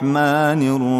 الرحمن الرحيم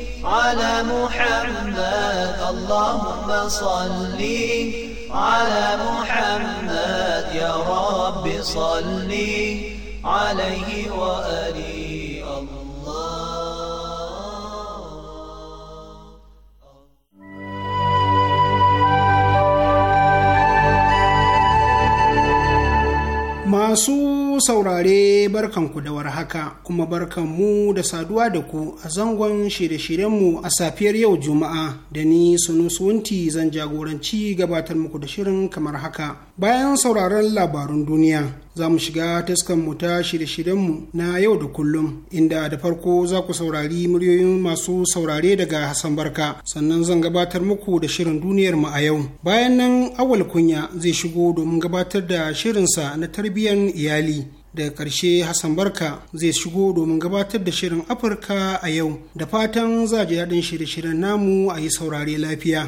على محمد اللهم صل على محمد يا رب صل عليه وآله معصوم saurare barkanku da warhaka kuma barkanmu da saduwa da ku a zangon shirye-shiryenmu a safiyar yau juma'a da ni sunusunti zan jagoranci gabatar muku da shirin kamar haka bayan sauraron labarun duniya za mu shiga taskanmu ta shirye-shiryenmu na yau da kullum inda da farko za ku saurari muryoyin masu saurare daga Hassan Barka sannan zan gabatar muku da shirin duniyar mu a yau bayan nan awal kunya zai shigo domin gabatar da shirinsa na tarbiyyar iyali daga karshe Hassan Barka zai shigo domin gabatar da shirin Afirka a yau da fatan za ji daɗin shirye-shiryen namu a yi saurare lafiya.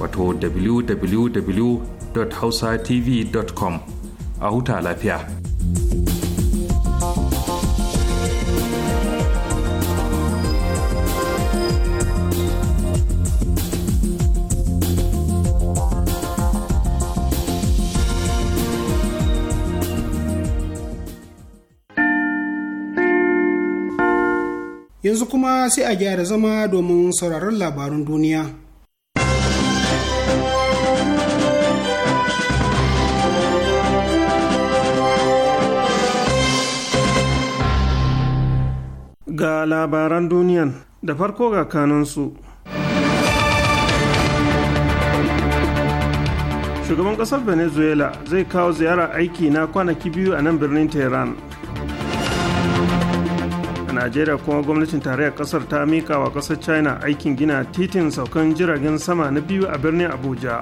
wato www.hausatv.com a huta lafiya. Yanzu kuma sai a gyara zama domin sauraron labarun duniya. ga labaran duniyan da farko ga kanansu. Shugaban ƙasar Venezuela zai kawo ziyara aiki na kwanaki biyu a nan birnin Tehran. A Najeriya kuma gwamnatin tarayyar ƙasar ta mika wa ƙasar China aikin gina titin saukan jiragen sama na biyu a birnin Abuja.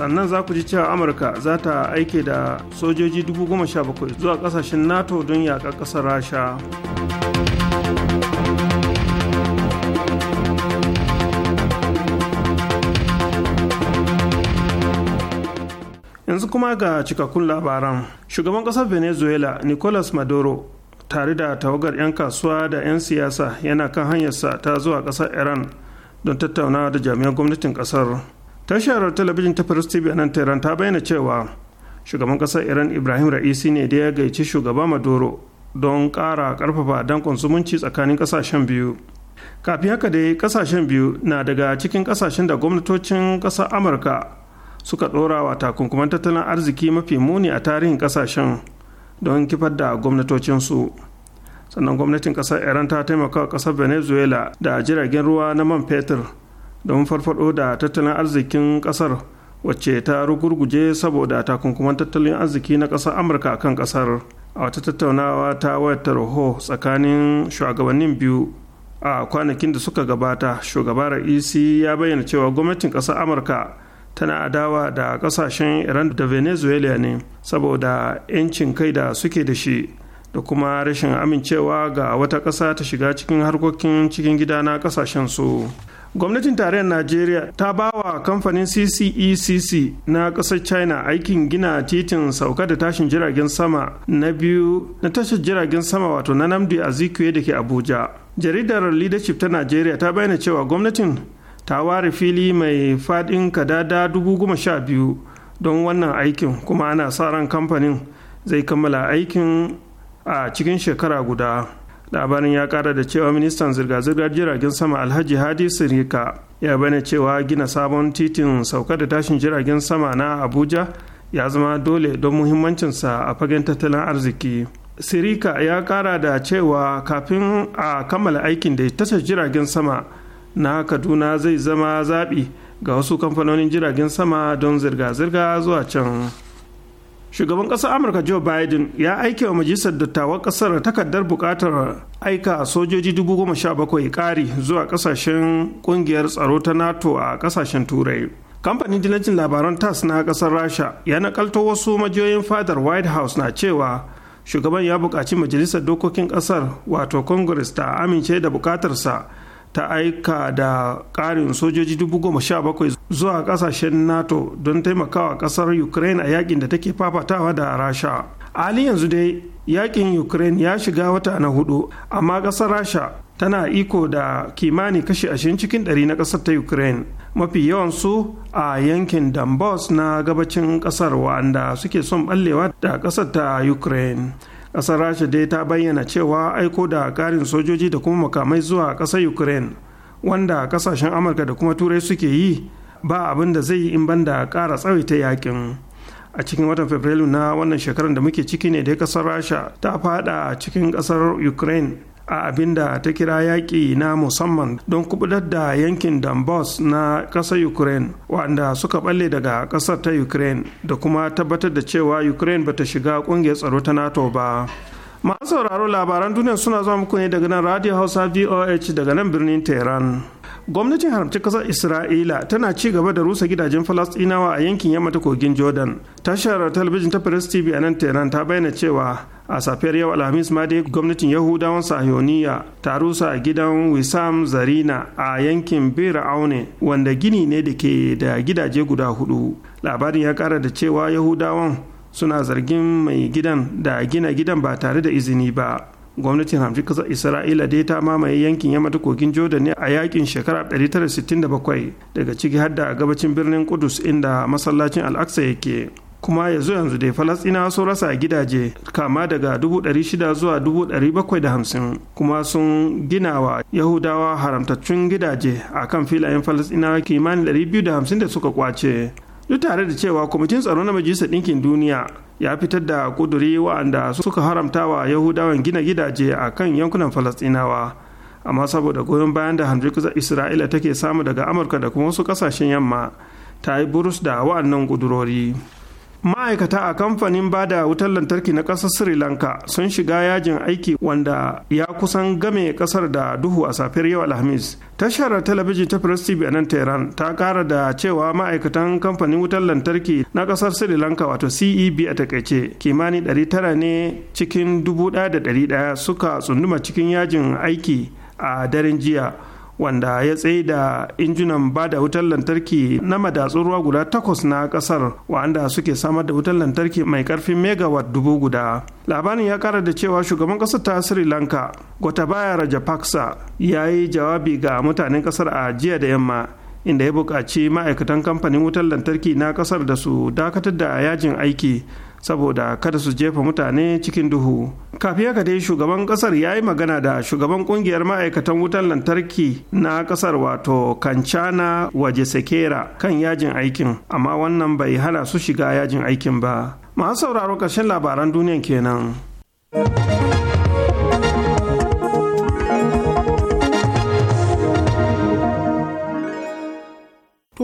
sannan za ku ji cewa amurka za ta aike da sojoji 17,000 zuwa kasashen nato don yaƙar ƙasar rasha yanzu kuma ga cikakkun labaran shugaban ƙasar venezuela nicolas maduro tare da tawagar 'yan kasuwa da 'yan siyasa yana kan hanyarsa ta zuwa ƙasar iran don tattaunawa da jami'an gwamnatin ƙasar tashar talabijin ta first tv a nan tehran ta bayyana cewa shugaban ƙasar iran ibrahim ra'isi ne da ya gaici shugaba maduro don kara karfafa dankon zumunci tsakanin ƙasashen biyu kafin haka dai ƙasashen biyu na daga cikin ƙasashen da gwamnatocin ƙasar amurka suka dora wa takunkuman tattalin arziki mafi muni a tarihin ƙasashen don kifar da gwamnatocinsu sannan gwamnatin ƙasar iran ta taimaka ƙasar venezuela da jiragen ruwa na man fetur don farfado da tattalin arzikin kasar wacce ta rugurguje saboda takunkuman tattalin arziki na kasar amurka kan kasar a wata tattaunawa ta wayar roho tsakanin shugabannin biyu a kwanakin da suka gabata shugaba ra'isi ya bayyana cewa gwamnatin kasar amurka tana adawa da kasashen iran da venezuela ne saboda 'yancin kai da suke da shi da kuma rashin amincewa ga wata ƙasa ta shiga cikin harkokin cikin gida na ƙasashen su gwamnatin tarayyar najeriya ta ba wa kamfanin ccecc e na ƙasar china aikin gina titin sauka da tashin jiragen sama na biyu na tashar jiragen sama wato na namdi azikiwe da ke abuja jaridar leadership ta najeriya ta bayyana cewa gwamnatin ta ware fili mai fadin kadada dubu sha biyu don wannan aikin kuma ana sa ran kamfanin zai kammala aikin a cikin shekara guda. labarin ya kara da cewa ministan zirga-zirgar jiragen sama alhaji hadi sirika ya bane cewa gina sabon titin sauka da tashin jiragen sama na abuja ya zama dole don muhimmancinsa a fagen tattalin arziki sirika ya kara da cewa kafin a kammala aikin da tasha jiragen sama na kaduna zai zama zaɓi ga wasu kamfanonin jiragen sama don zirga-zirga zuwa can. shugaban ƙasar amurka joe biden ya aike wa majalisar dattawan ƙasar takardar buƙatar aika sojoji bakwai ƙari zuwa ƙasashen ƙungiyar tsaro ta nato a ƙasashen turai kamfanin jinajin labaran tas na ƙasar rasha ya nakalto wasu majiyoyin fadar white house na cewa shugaban ya buƙaci majalisar dokokin ƙasar wato congress ta amince da buƙatarsa ta aika da ƙarin sojoji bakwai zuwa kasashen nato don taimakawa kasar ukraine a yakin da take fafatawa da rasha a yanzu dai yakin ukraine ya shiga wata na hudu amma kasar rasha tana iko da kimani kashi ashirin cikin ɗari na kasar ta ukraine mafi yawansu a yankin donbass na gabacin kasar wanda suke son ɓallewa da kasar ta ukraine kasar rasha dai ta bayyana cewa aiko da ƙarin sojoji da kuma makamai zuwa ƙasar ukraine wanda ƙasashen amurka da kuma turai suke yi ba abin da zai yi in banda kara tsawaita yakin a cikin watan fabrilu na wannan shekarar da muke ciki ne da kasar rasha ta fada cikin kasar ukraine a abin da ta kira yaƙi na musamman don kubutar da yankin donbass na ƙasar ukraine wanda suka balle daga ƙasar ta ukraine da kuma tabbatar da cewa ukraine ba ta shiga ƙungiyar tsaro ta nato ba masu sauraro labaran duniya suna zuwa muku ne daga nan radio hausa voh daga nan birnin tehran gwamnatin haramci kasar isra'ila tana ci gaba da rusa gidajen falastinawa a yankin yamma ta kogin jordan tashar talabijin ta press tv a nan tehran ta bayyana cewa a safiyar yau alhamis ma dai gwamnatin yahudawan sahioniya ta rusa a gidan wisam zarina a yankin bera aune wanda gini ne da ke da gidaje guda hudu labarin ya kara da cewa yahudawan suna zargin mai gidan da gina gidan ba tare da izini ba gwamnatin hamshin kasar isra'ila dai ta mamaye yankin yamma ta kogin jordan ne a yakin shekara 1967 daga ciki har da gabacin birnin kudus inda masallacin al'aqsa yake kuma yanzu yanzu dai falasɗinawa sun rasa gidaje kama daga 600 zuwa 750 kuma sun gina wa yahudawa haramtaccun gidaje a kan filayen falasɗinawa kimanin 250 da suka kwace duk tare da cewa kwamitin tsaro na majalisar ɗinkin duniya ya fitar da ƙuduri wa'anda suka haramtawa wa yahudawan gina gidaje a kan yankunan falastinawa amma saboda goyon bayan da kusa isra'ila take samu daga amurka da kuma wasu kasashen yamma ta yi burus da wa'annan ƙudurori. ma'aikata a kamfanin bada wutar lantarki na ƙasar sri lanka sun shiga yajin aiki wanda ya kusan game ƙasar da duhu a safiyar yau alhamis tashar talabijin ta press tv a nan tehran ta ƙara da cewa ma'aikatan kamfanin wutar lantarki na ƙasar sri lanka wato ceb a takaice ɗari tara ne cikin ɗaya suka tsunduma cikin yajin aiki a daren jiya wanda ya tsaye da injunan ba da wutar lantarki na madatsun ruwa guda takwas na kasar wa'anda suke samar da wutar lantarki mai karfin megawatt dubu guda labarin ya kara da cewa shugaban kasar ta sri lanka gotabaya rajapaksa ya yi jawabi ga mutanen kasar a jiya da yamma inda ya buƙaci ma'aikatan kamfanin wutar lantarki na kasar da su dakatar da yajin aiki saboda kada su jefa mutane cikin duhu kafin haka dai shugaban kasar ya yi magana da shugaban kungiyar ma'aikatan wutan lantarki na kasar wato kancana waje sekera kan yajin aikin amma wannan bai hana su shiga yajin aikin ba masu sauraro ƙarshen labaran duniyan kenan.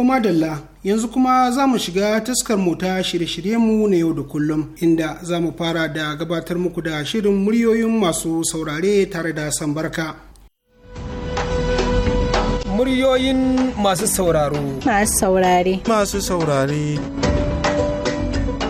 kuma dalla yanzu kuma za mu shiga taskar mu ta shirye-shirye mu na yau da kullum inda za mu fara da gabatar muku da shirin muryoyin masu saurare tare da sambarka. Muryoyin masu sauraro. Masu saurare. Masu saurare.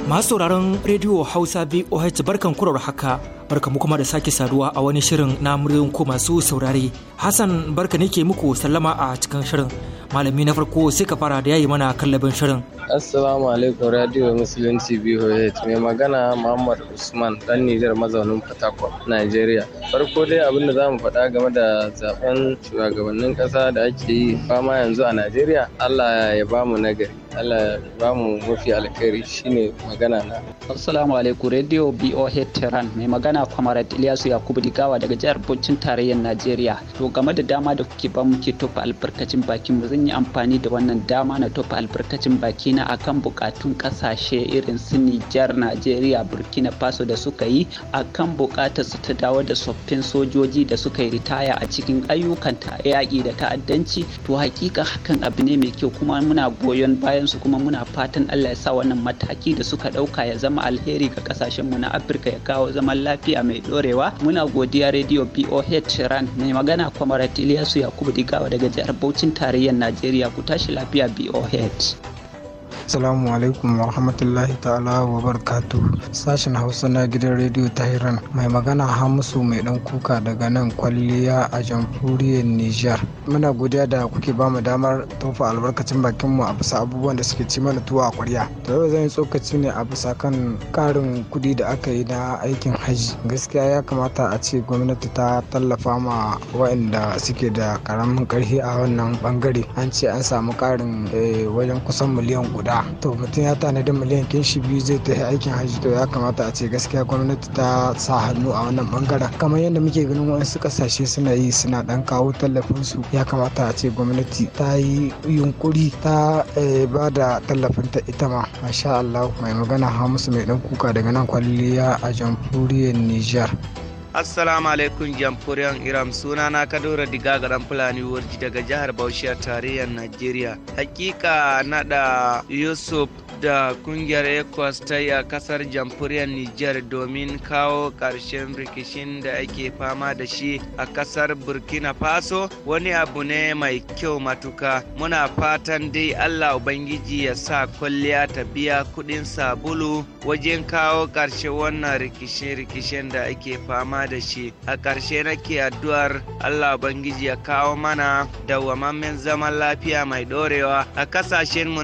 Masu sauraron rediyo Hausa VOH barkan kurar haka barka mu kuma da sake saduwa a wani shirin na muryoyin ko masu saurare. Hassan barka ne ke muku sallama a cikin shirin. malami na farko sai ka fara da yayi mana kallabin shirin Assalamu alaikum Radio Musulunci BOH mai magana Muhammad Usman dan Nijar mazaunin Fatakwal, Najeriya. Farko dai abin da zamu faɗa game da zaben shugabannin ƙasa da ake yi fama yanzu a Najeriya. Allah ya bamu nagari. Allah ya bamu mafi alkhairi shine magana na. Assalamu alaikum Radio BOH Tehran mai magana Kwamarat Ilyasu Yakubu Digawa daga jihar Bauchin tarayyar Najeriya. To game da dama da kuke ba ke tofa albarkacin bakin mu zan yi amfani da wannan dama na tofa albarkacin baki a akan bukatun kasashe irin su Nijar, Najeriya, Burkina Faso da suka yi akan bukatar su ta dawo da tsoffin sojoji da suka yi ritaya a cikin ayyukan yaƙi da ta'addanci to hakika hakan abu ne mai kyau kuma muna goyon bayan su kuma muna fatan Allah ya sa wannan mataki da suka ɗauka ya zama alheri ga kasashen mu na Afirka ya kawo zaman lafiya mai ɗorewa muna godiya rediyo BOH Ran mai magana kwamarat Iliyasu Yakubu Digawa daga jihar Bauchin tarayyar Najeriya ku tashi lafiya BOH. Assalamu alaikum wa rahmatullahi ta'ala wa barkatu. Sashen Hausa na gidan rediyo Tahiran mai magana Hamisu mai dan kuka daga nan kwalliya a jamhuriyar Nijar. Muna godiya da kuke ba mu damar tofa albarkacin bakin mu a bisa abubuwan da suke ci mana tuwa a kwarya. to yau zan yi tsokaci ne a bisa kan karin kuɗi da aka yi na aikin hajji. Gaskiya ya kamata a ce gwamnati ta tallafa ma waɗanda suke da karamin karfi a wannan bangare. An ce an samu karin eh, wajen kusan miliyan guda yara to mutum ya tanadi miliyan kin shi biyu zai tafi aikin hajji to ya kamata a ce gaskiya gwamnati ta sa hannu a wannan bangaren kamar yadda muke ganin wasu kasashe suna yi suna dan kawo tallafin su ya kamata a ce gwamnati ta yi yunkuri ta eh, ba da tallafin ta ita ma masha Allah mai magana Hamisu mai dan kuka daga nan kwalliya a jamhuriyar Nijar. assalamu alaikum jamhuriyar iram suna na kadora diga garan fulani wurji daga jihar bauchi a tarayyar najeriya hakika nada yusuf da kungiyar ecos ta yi a kasar jamhuriyar niger domin kawo ƙarshen rikishin da ake fama da shi a kasar burkina faso wani abu ne mai kyau matuka muna fatan dai allah ubangiji ya sa kwalliya ta biya kudin sabulu wajen kawo ƙarshen wannan rikishin-rikishin da ake fama da shi a ƙarshe nake addu'ar allah ubangiji ya kawo mana dawwamammen zaman lafiya mai ɗorewa a ƙasashen mu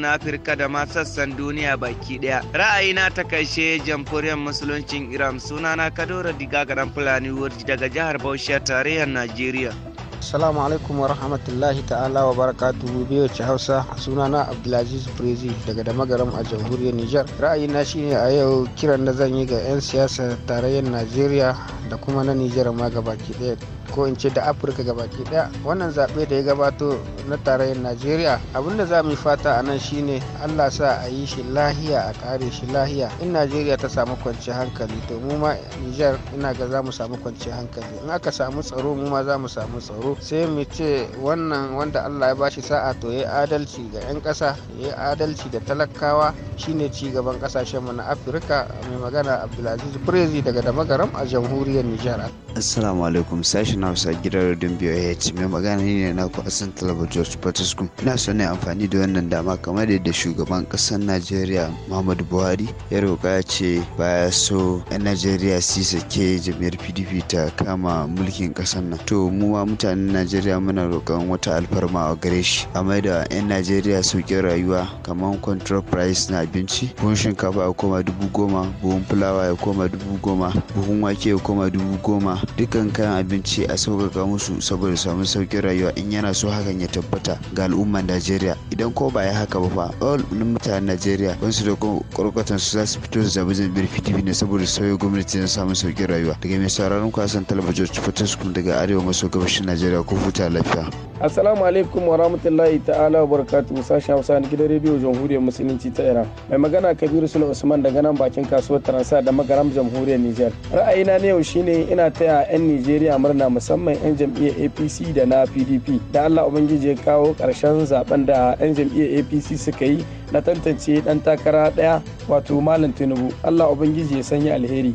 da ma sassan duniya baki daya ra'ayina ta kashe jamhuriyar musuluncin iran sunana kadora diga garan fulani wurji daga jihar bauchi tarayyar najeriya Assalamu alaikum wa rahmatullahi ta'ala wa barakatuhu biyo ci Hausa sunana Abdulaziz Brezi daga da magaram a jamhuriyar Nijar. ra'ayi shi shine a yau kiran da zan yi ga 'yan siyasa tarayyar Najeriya da kuma na Nijar ma gabaki ɗaya ko in ce da Afirka gabaki ɗaya. Wannan zaɓe da ya gabato na tarayyar Najeriya abinda za mu yi fata a nan shine Allah sa a yi shi lahiya a kare shi lahiya. In Najeriya ta samu kwanciyar hankali to mu ma Nijar ina ga za mu samu kwanciyar hankali. In aka samu tsaro mu ma za mu samu tsaro. sai mu ce wannan wanda allah ya bashi sa'a to ya adalci ga 'yan ƙasa ya adalci da talakawa shine ci gaban ƙasashenmu na afirka mai magana abdulaziz brezi daga damagaram a jamhuriyar nijar assalamu alaikum Sashi na hausa gidan rediyon boh mai magana ne na ku asan talaba george patterson ina son ne amfani da wannan dama kamar yadda shugaban ƙasar najeriya muhammadu buhari ya roƙa ce baya so 'yan najeriya su sake jami'ar pdp ta kama mulkin ƙasar nan to mu ma mutane shugabannin najeriya muna roƙon wata alfarma a gare shi a maida 'yan najeriya sauƙin rayuwa kamar control price na abinci buhun shinkafa ya koma dubu goma buhun fulawa ya koma dubu goma buhun wake ya koma dubu goma dukkan kayan abinci a sauƙaƙa musu saboda samu sauƙin rayuwa in yana so hakan ya tabbata ga al'ummar najeriya idan ko ba ya haka ba fa al'ummar mutanen najeriya su da ƙwarƙwatan su za su fito su zabi zabi pdp ne saboda sauya gwamnati na samun sauƙin rayuwa daga mai sauraron kwasan talabijin fitar daga arewa maso gabashin najeriya Najeriya ku huta lafiya. Assalamu alaikum wa rahmatullahi ta'ala wa barakatuhu sashen Hausa na gidan rediyo Jamhuriyar Musulunci ta Iran. Mai magana Kabiru Sule Usman daga nan bakin kasuwar Taransa da magaram Jamhuriyar Nijar. Ra'ayina na yau shine ina taya 'yan Nijeriya murna musamman 'yan jam'iyyar APC da na PDP. Da Allah Ubangiji ya kawo ƙarshen zaben da 'yan jam'iyyar APC suka yi na tantance dan takara ɗaya wato Malam Tinubu. Allah Ubangiji ya sanya alheri.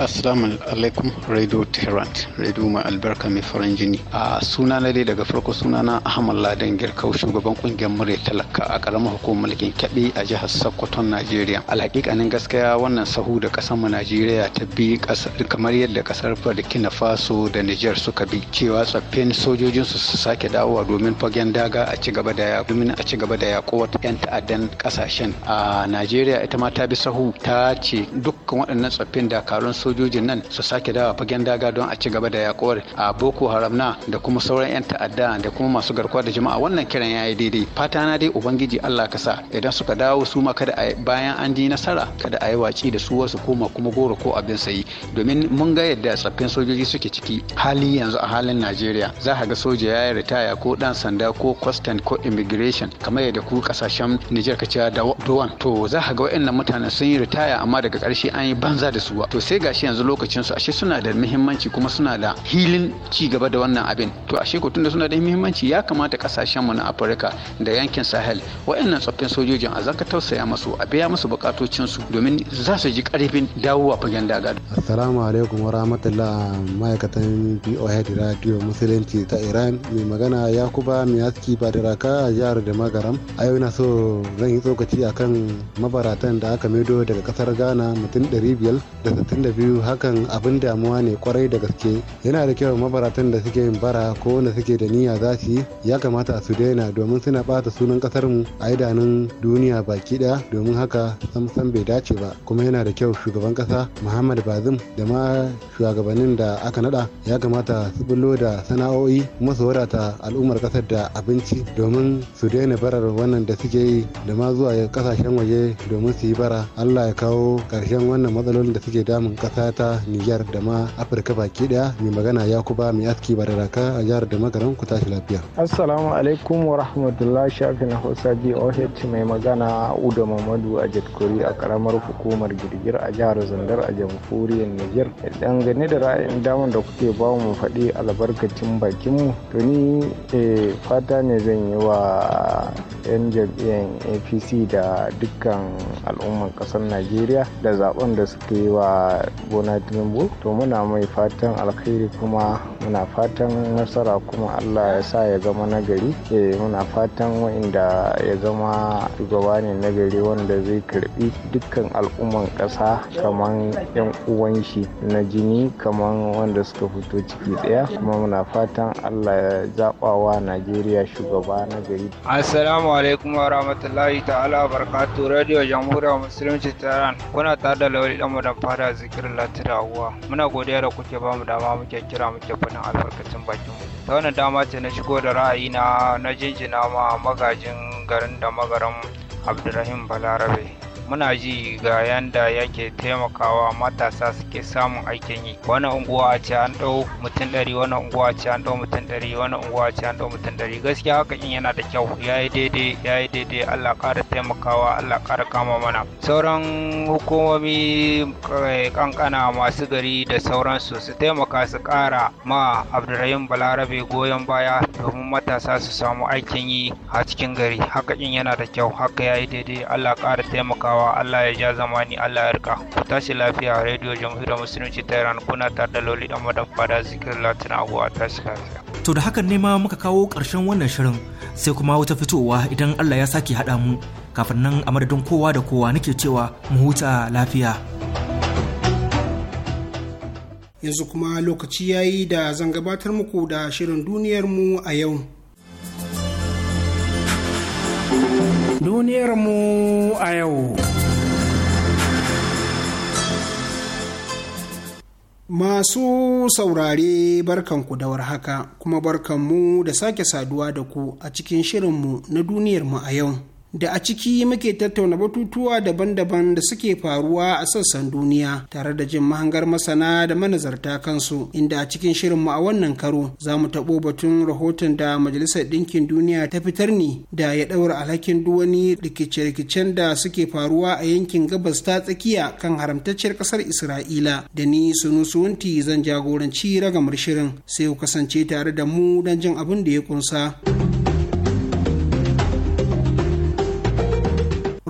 Assalamu alaikum Radio Tehran Radio mai albarka mai farin jini a suna na dai daga farko suna na Ahmad Ladan Girkau shugaban kungiyar murya talaka a karamar hukumar mulkin kebe a jihar Sokoto Najeriya alhakikanin gaskiya wannan sahu da kasar mu Najeriya ta bi kamar yadda kasar Burkina Faso da Niger suka bi cewa tsaffin sojojin su su sake dawowa domin fagen daga a ci gaba da domin a ci gaba da yakuwar yan ta'addan kasashen a Najeriya ita ma ta bi sahu ta ce dukkan waɗannan tsaffin dakarun sojojin nan su sake dawa fagen daga don a ci gaba da yakuwar a boko haram na da kuma sauran 'yan ta'adda da kuma masu garkuwa da jama'a wannan kiran ya yi daidai fata na dai ubangiji allah ka sa idan suka dawo su ma kada a bayan an ji nasara kada a yi watsi da su wasu koma kuma goro ko abin sayi domin mun ga yadda tsaffin sojoji suke ciki hali yanzu a halin najeriya za ka ga soja ya yi ritaya ko dan sanda ko kwastan ko immigration kamar yadda ku kasashen nijar ka cewa da dowan to za ka ga wa'in mutanen sun yi ritaya amma daga karshe an yi banza da su to sai ga gashi yanzu lokacin su ashe suna da muhimmanci kuma suna da hilin ci gaba da wannan abin to ashe ko tunda suna da muhimmanci ya kamata kasashen mu na Afirka da yankin Sahel wayannan tsoffin sojojin a zaka tausaya musu a biya musu bukatocin su domin za su ji karfin dawowa fagen daga assalamu alaikum wa rahmatullahi ma'aikatan BOH radio musulunci ta Iran mai magana Yakuba Miyaski Badiraka a jihar da Magaram a yau na so zan yi tsokaci akan mabaratan da aka maido daga kasar Ghana mutum 500 da 62 biyu hakan abin damuwa ne kwarai da gaske yana da kyau mabaratan da suke yin bara ko wanda suke da niyya za su yi ya kamata su daina domin suna bata sunan kasar mu a idanun duniya baki daya domin haka samsan bai dace ba kuma yana da kyau shugaban kasa muhammad bazum da ma shugabannin da aka nada ya kamata su bullo da sana'o'i kuma su wadata al'ummar kasar da abinci domin su daina barar wannan da suke yi da ma zuwa kasashen waje domin su yi bara allah ya kawo ƙarshen wannan matsalolin da suke damun kasa ƙasa ta Nijar da ma Afirka baki daya mai magana Yakuba mai aski raka a jihar da magaran ku tashi lafiya. Assalamu alaikum wa rahmatullah shafin Hausa oh mai magana Uda Mamadu a Jatkori a karamar hukumar girgir a jihar Zandar a jamhuriyar Nijar. Dangane da ra'ayin damar da kuke ba mu faɗi albarkacin bakin mu to ni eh, fata ne zan yi wa 'yan jam'iyyar APC da dukkan al'umman kasar Najeriya da zaben da suke yi wa gona tinubu to muna mai fatan alkhairi kuma muna fatan nasara kuma allah ya sa ya zama nagari e muna fatan wa'inda ya zama shugaba ne nagari wanda zai karbi dukkan al'umman ƙasa kamar yan uwan shi na jini kamar wanda suka fito ciki ɗaya kuma muna fatan allah ya wa najeriya shugaba nagari assalamu alaikum wa rahmatullahi ta'ala barkatu radio jamhuriyar musulunci tehran kuna tare da lauri dan da fara zikirin Talatu da Hauwa. Muna godiya da kuke ba mu dama muke kira muke faɗin albarkacin bakin mu. Ta wannan dama ce na shigo da ra'ayi na na jinjina ma magajin garin da magaran Abdulrahim Balarabe. muna ji ga yanda yake taimakawa matasa suke samun aikin yi wani unguwa ce an ɗau mutum ɗari wani unguwa ce an ɗau mutum ɗari wani unguwa ce an ɗau mutum ɗari gaskiya haka in yana da kyau ya yi daidai ya yi daidai allah ƙara taimakawa allah ƙara kama mana sauran hukumomi kankana eh, masu gari da sauransu su taimaka su ƙara ma abdurrahim balarabe goyon baya domin matasa su samu aikin yi a cikin gari haka in yana da kyau haka ya yi daidai allah ƙara taimakawa bawa Allah ya ja ni, Allah ya rika ku tashi lafiya radio jamhuriyar musulunci ta Iran kuna tare da Loli dan madan fada zikirin Latin Abuwa tashi lafiya to da hakan ne ma muka kawo karshen wannan shirin sai kuma wata fitowa idan Allah ya sake haɗa mu kafin nan a madadin kowa da kowa nake cewa mu huta lafiya yanzu kuma lokaci yayi da zan gabatar muku da shirin duniyar mu a yau Duniyarmu a yau. Masu saurare ku da warhaka kuma barkanmu da sake saduwa da ku a cikin shirinmu na duniyarmu a yau. da a ciki muke tattauna batutuwa daban-daban da suke faruwa a sassan duniya tare da jin mahangar masana da manazarta kansu inda a cikin shirinmu a wannan karo za mu taɓo batun rahoton da majalisar ɗinkin duniya ta fitar ne da ya ɗaura alhakin duwani rikice-rikicen da suke faruwa a yankin gabas ta tsakiya kan haramtacciyar ƙasar isra'ila da ni sunusuwanti zan jagoranci ragamar shirin sai ku kasance tare da mu don jin abin da ya kunsa.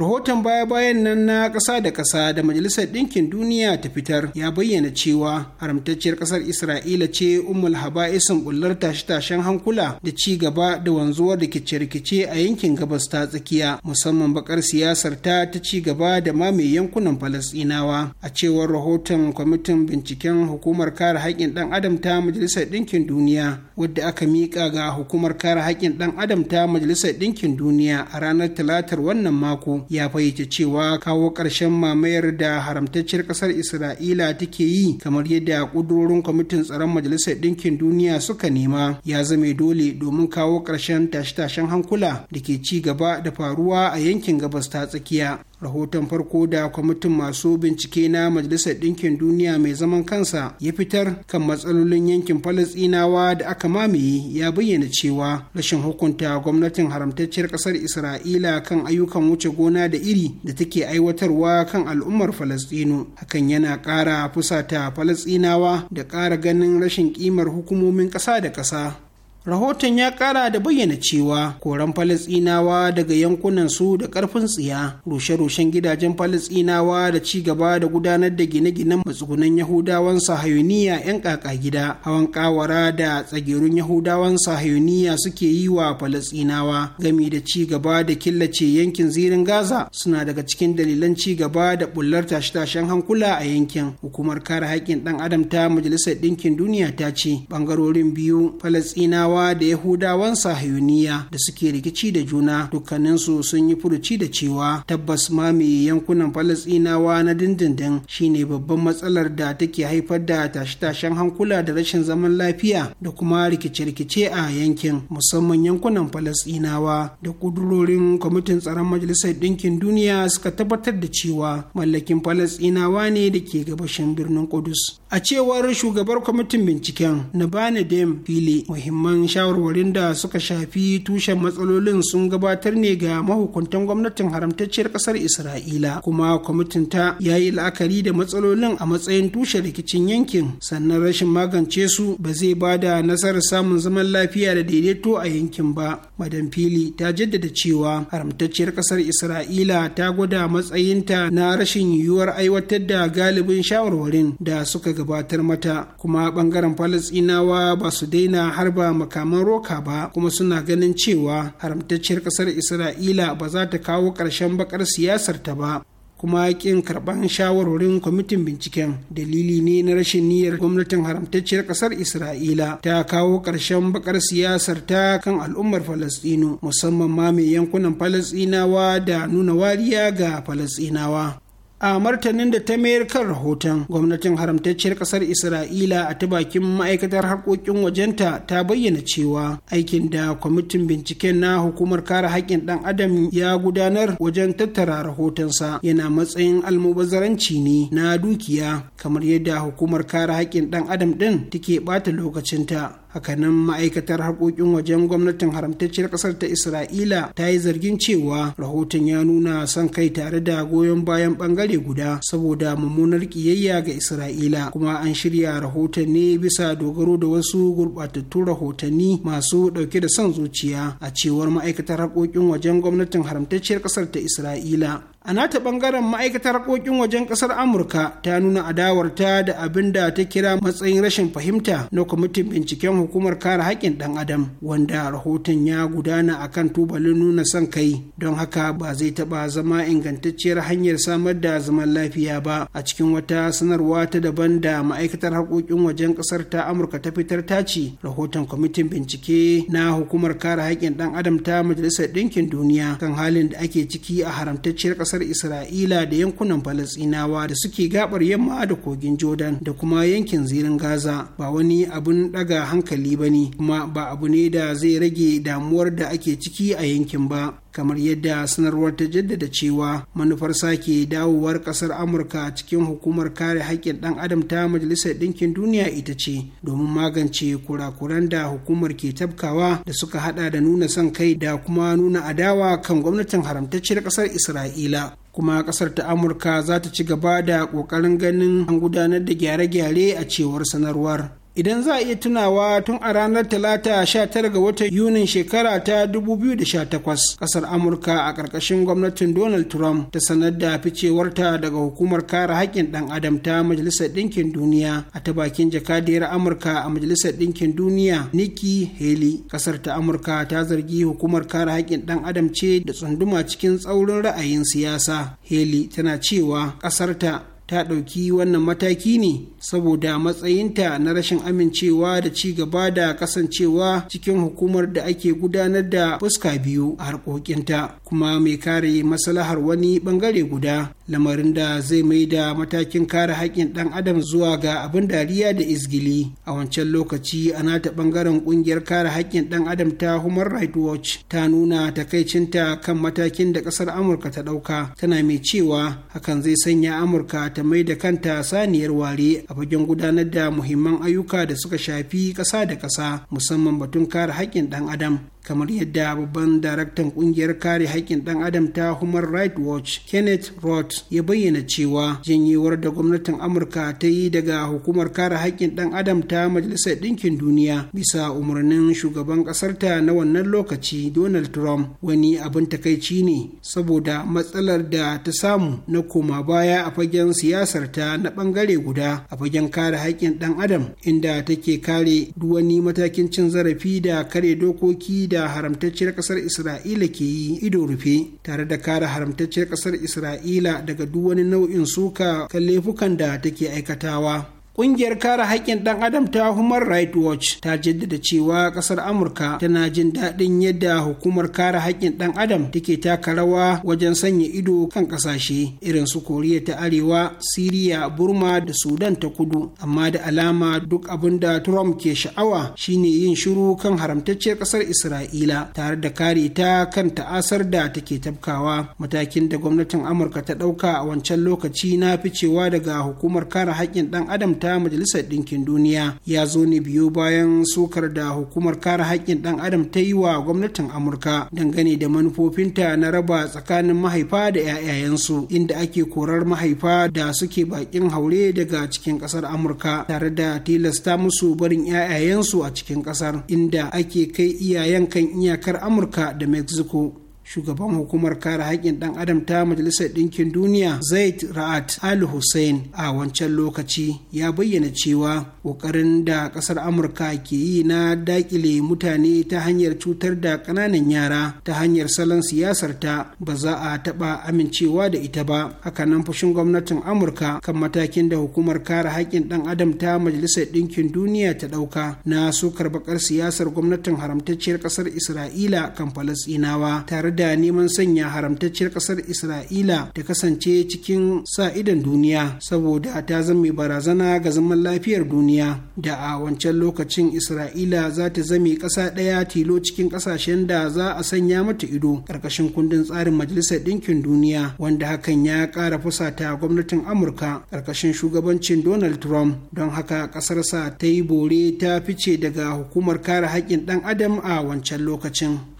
rahoton baya-bayan nan na ƙasa da ƙasa da majalisar ɗinkin duniya ta fitar ya bayyana cewa haramtacciyar ƙasar isra'ila ce ummul haba'isin bullar tashe-tashen hankula da ci gaba da wanzuwar rikice-rikice a yankin gabas ta tsakiya musamman bakar siyasar ta ta ci gaba da mamaye yankunan falasɗinawa a cewar rahoton kwamitin binciken hukumar kare haƙƙin ɗan adam ta majalisar ɗinkin duniya wadda aka miƙa ga hukumar kare haƙƙin ɗan adam ta majalisar ɗinkin duniya a ranar talatar wannan mako ya fayyace cewa kawo ƙarshen mamayar da haramtacciyar ƙasar isra'ila take yi kamar yadda ƙudurorin kwamitin tsaron majalisar ɗinkin duniya suka nema ya zame dole domin kawo ƙarshen tashe-tashen hankula da ke ci gaba da faruwa a yankin gabas ta tsakiya rahoton farko da kwamitin masu bincike na majalisar ɗinkin duniya mai zaman kansa ya fitar kan matsalolin yankin falasɗinawa da aka mamaye ya bayyana cewa rashin hukunta gwamnatin haramtacciyar ƙasar isra'ila kan ayyukan wuce gona da iri da take aiwatarwa kan al'ummar falasɗinu hakan yana ƙara fusata falasɗinawa da ƙara ganin rashin ƙimar hukumomin ƙasa da ƙasa rahoton ya kara da bayyana cewa koran falasinawa daga yankunan su da ƙarfin tsiya rushe-rushen gidajen falasinawa da ci gaba da gudanar da gine-ginen matsugunan yahudawan sahayuniya 'yan kaka gida hawan ƙawara da tsagerun yahudawan sahayuniya suke yi wa falasinawa gami da ci gaba da killace yankin zirin gaza suna daga cikin dalilan ci gaba da bullar tashe-tashen hankula a yankin hukumar kare haƙƙin ɗan adam ta majalisar ɗinkin duniya ta ce ɓangarorin biyu falasinawa Yahudawa da Yahudawan Sahiyoniya da suke rikici da juna dukkaninsu sun yi furuci da cewa tabbas mamaye yankunan Falasɗinawa na dindindin shine babban matsalar da take haifar da tashe-tashen hankula da rashin zaman lafiya da kuma rikice-rikice a yankin musamman yankunan Falasɗinawa da kudurorin kwamitin tsaron Majalisar Ɗinkin Duniya suka tabbatar da cewa mallakin Falasɗinawa ne da ke gabashin birnin Kudus. A cewar shugabar kwamitin binciken na bani Dem Fili muhimman shawarwarin da suka shafi tushen matsalolin sun gabatar ne ga mahukuntan gwamnatin haramtacciyar kasar isra'ila kuma kwamitin ta ya yi la'akari da matsalolin a matsayin tushen rikicin yankin sannan rashin magance su ba zai ba da nasarar samun zaman lafiya da daidaito a yankin ba madam fili ta jaddada cewa haramtacciyar kasar isra'ila ta gwada matsayinta na rashin yiwuwar aiwatar da galibin shawarwarin da suka gabatar mata kuma bangaren falasinawa ba su daina harba makaman roka ba kuma suna ganin cewa haramtacciyar kasar isra'ila ba za ta kawo ƙarshen bakar siyasar ta ba kuma ƙin karɓan shawarorin kwamitin binciken dalili ne na rashin niyyar gwamnatin haramtacciyar ƙasar isra'ila ta kawo ƙarshen bakar siyasar ta kan al'ummar falastinu musamman ma mai yankunan falastinawa da nuna wariya ga falastinawa a martanin da ta mayar kan rahoton gwamnatin haramtacciyar kasar isra'ila a ta bakin ma'aikatar harkokin wajenta ta bayyana cewa aikin da kwamitin binciken na hukumar kare haƙƙin ɗan adam ya gudanar wajen tattara rahotonsa yana matsayin almubazzaranci ne na dukiya kamar yadda hukumar kare haƙƙin ɗan adam ɗin take ɓata lokacinta hakanan ma'aikatar harkokin wajen gwamnatin haramtacciyar kasar ta isra'ila ta yi zargin cewa rahoton ya nuna son kai tare da goyon bayan bangare guda saboda mummunar kiyayya ga isra'ila kuma an shirya rahoton ne bisa dogaro da wasu gurɓatattun rahotanni masu dauke da son zuciya a cewar ma'aikatar harkokin wajen gwamnatin haramtacciyar kasar ta isra'ila a nata bangaren ma'aikatar harkokin wajen kasar amurka ta nuna adawarta da abin da ta kira matsayin rashin fahimta na kwamitin binciken hukumar kare haƙƙin ɗan adam wanda rahoton ya gudana a kan tubalin nuna son kai don haka ba zai taɓa zama ingantacciyar hanyar samar da zaman lafiya ba a cikin wata sanarwa ta daban da ma'aikatar harkokin wajen kasar ta amurka ta fitar ta ce rahoton kwamitin bincike na hukumar kare haƙƙin ɗan adam ta majalisar ɗinkin duniya kan halin da ake ciki a haramtacciyar ƙasar ƙasar isra'ila da yankunan falasinawa da suke gabar yamma da kogin jordan da kuma yankin zirin gaza ba wani abun daga hankali ba ne kuma ba abu ne da zai rage damuwar da ake ciki a yankin ba kamar yadda sanarwar ta jaddada cewa manufar sake dawowar kasar amurka cikin hukumar kare haƙƙin ɗan adam ta majalisar ɗinkin duniya ita ce domin magance kurakuran da hukumar ke tabkawa da suka hada da nuna son kai da kuma nuna adawa kan gwamnatin haramtacciyar ƙasar isra'ila kuma kasar ta amurka za ta ci gaba da kokarin ganin an gudanar da gyare-gyare a cewar sanarwar idan za a iya tunawa tun a ranar talata 19 ga watan yunin shekara ta 2018 kasar amurka a ƙarƙashin gwamnatin donald trump ta sanar da ficewarta daga hukumar kare haƙƙin ɗan adam ta majalisar ɗinkin duniya a ta bakin jakadiyar amurka a majalisar ɗinkin duniya nikki haley kasar ta amurka ta zargi hukumar kare haƙƙin ɗan adam ce da tsunduma cikin tsaurin ra'ayin siyasa haley tana cewa ƙasarta ta ɗauki wannan mataki ne saboda matsayinta na rashin amincewa da ci gaba da kasancewa cikin hukumar da ake gudanar da fuska biyu a harkokinta kuma mai kare maslahar wani bangare guda lamarin da zai mai da matakin kare haƙƙin ɗan adam zuwa ga abin dariya da izgili a wancan lokaci a nata ɓangaren ƙungiyar kare haƙƙin ɗan adam ta human rights watch ta nuna takaicinta kan matakin da ƙasar amurka ta ɗauka tana mai cewa hakan zai sanya amurka ta mai da kanta saniyar ware a bagen gudanar da muhimman ayyuka da suka shafi ƙasa da ƙasa musamman batun kare haƙƙin ɗan adam kamar yadda babban daraktan kungiyar kare haƙƙin ɗan adam ta human rights watch kenneth roth ya bayyana cewa janyewar da gwamnatin amurka ta yi daga hukumar kare haƙƙin ɗan adam ta majalisar ɗinkin duniya bisa umarnin shugaban ƙasarta na wannan lokaci donald trump wani abin takaici ne saboda matsalar da ta samu na koma baya a fagen siyasar ta na ɓangare guda a fagen kare haƙƙin ɗan adam inda take kare wani matakin cin zarafi da kare dokoki da haramtacciyar kasar isra'ila ke yi ido rufe tare da kare haramtacciyar kasar isra'ila daga duk wani nau'in suka kan laifukan da take aikatawa Ƙungiyar kare haƙƙin ɗan adam ta Human Rights Watch ta jaddada cewa ƙasar Amurka tana jin daɗin yadda hukumar kare haƙƙin ɗan adam take taka rawa wajen sanya ido kan ƙasashe irin su Koriya ta Arewa, Siriya, Burma da Sudan ta Kudu. Amma da alama duk abin da Trump ke sha'awa shine yin shiru kan haramtacciyar ƙasar Isra'ila tare da kare ta kan ta'asar da take tafkawa. Matakin da gwamnatin Amurka ta ɗauka a wancan lokaci na ficewa daga hukumar kare haƙƙin ɗan adam ta majalisar ɗinkin duniya ya zo ne biyo bayan sukar da hukumar kare haƙƙin ɗan adam ta yi wa gwamnatin amurka dangane da manufofinta na raba tsakanin mahaifa da 'ya'yayensu inda ake korar mahaifa da suke bakin haure daga cikin ƙasar amurka tare da tilasta musu barin 'ya'yayensu a cikin ƙasar inda ake kai iyayen kan iyakar amurka da mexico shugaban hukumar kare haƙƙin ɗan adam ta majalisar ɗinkin duniya zaid ra'at al hussein a wancan lokaci ya bayyana cewa ƙoƙarin da ƙasar amurka ke yi na daƙile mutane ta hanyar cutar da ƙananan yara ta hanyar salon siyasarta ba za a taɓa amincewa da ita ba hakanan fushin gwamnatin amurka kan matakin da hukumar kare haƙƙin ɗan adam ta majalisar ɗinkin duniya ta ɗauka na sukar baƙar siyasar gwamnatin haramtacciyar ƙasar isra'ila kan falasɗinawa tare da da neman sanya haramtacciyar ƙasar isra'ila ta kasance cikin sa idan duniya saboda ta zama barazana ga zaman lafiyar duniya da a wancan lokacin isra'ila za ta zame ƙasa ɗaya tilo cikin ƙasashen da za a sanya mata ido ƙarƙashin kundin tsarin majalisar ɗinkin duniya wanda hakan ya ƙara fusata gwamnatin amurka ƙarƙashin shugabancin donald trump don haka ƙasarsa ta yi bore ta fice daga hukumar kare haƙƙin ɗan adam a wancan lokacin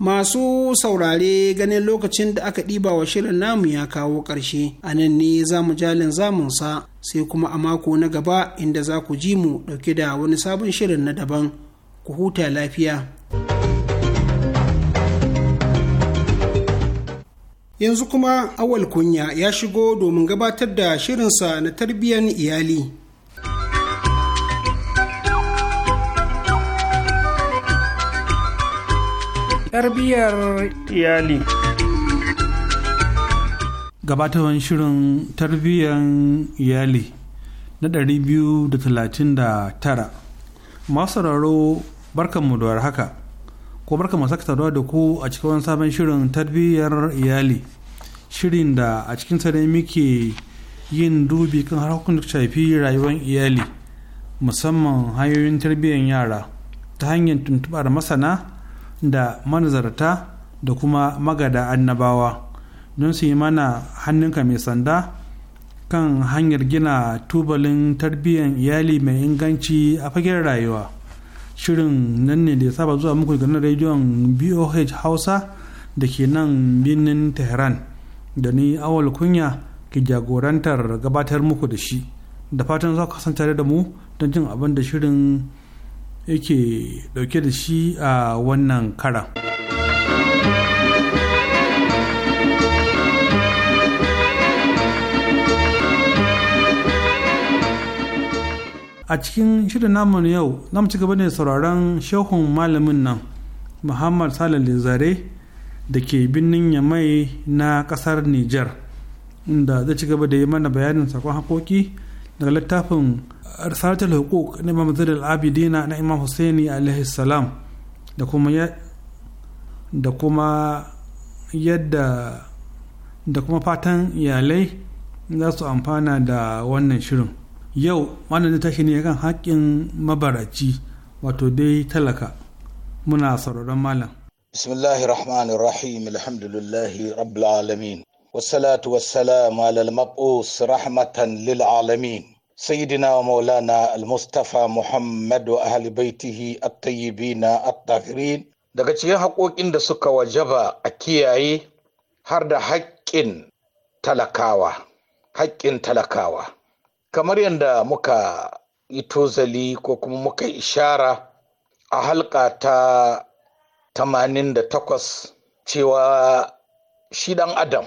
Masu saurare ganin lokacin da aka ɗiba wa shirin namu ya kawo ƙarshe, a nan ne za mu jalin zamunsa sai kuma a mako na gaba inda za ku ji mu ɗauke da wani sabon shirin na daban, ku huta lafiya. Yanzu kuma awal kunya ya shigo domin gabatar da shirinsa na tarbiyyar iyali. tarbiyyar iyali gabatawan shirin tarbiyyar iyali na 239 masu raro barkanmu da haka ko barkanmu saka taruwa da ku a cikin wani sabon shirin tarbiyyar iyali shirin da a cikin ne muke yin dubi kan harkokin da shafi rayuwar iyali musamman hanyoyin tarbiyyar yara ta hanyar tuntubar masana da manazarta da kuma magada annabawa don su yi mana hannunka mai sanda kan hanyar gina tubalin tarbiyyar iyali mai inganci a fagen rayuwa shirin nan ne da ya saba zuwa muku ganin rediyon boh hausa da ke nan birnin tehran da ni awal kunya ke jagorantar gabatar muku da shi da fatan za ku kasance da mu don jin abin da shirin yake dauke da shi a wannan karan. a cikin shirin namu yau za ci gaba da sauraron shehun malamin nan muhammad salih zare da ke birnin yamai na kasar niger inda zai ci gaba da yi mana bayanin sakon hakoki daga littafin risalatul hukuk na imam zaid al-abidina na imam husaini alaihi salam da kuma da kuma yadda da kuma fatan iyalai za su amfana da wannan shirin yau wannan tashi ne kan haƙƙin mabaraci wato dai talaka muna sauraron malam bismillahir rahmanir rahim alhamdulillahi rabbil alamin wasalatu wasalamu ala al-mab'us rahmatan lil alamin sayyidina wa maulana al-mustafa muhammad wa ahli baitihi at-tayyibin at-tahirin daga cikin haƙoƙin da suka wajaba a kiyaye har da haƙƙin talakawa haƙƙin talakawa kamar yadda muka yi tozali ko kuma muka yi ishara a halƙa ta tamanin da 88 cewa shi ɗan adam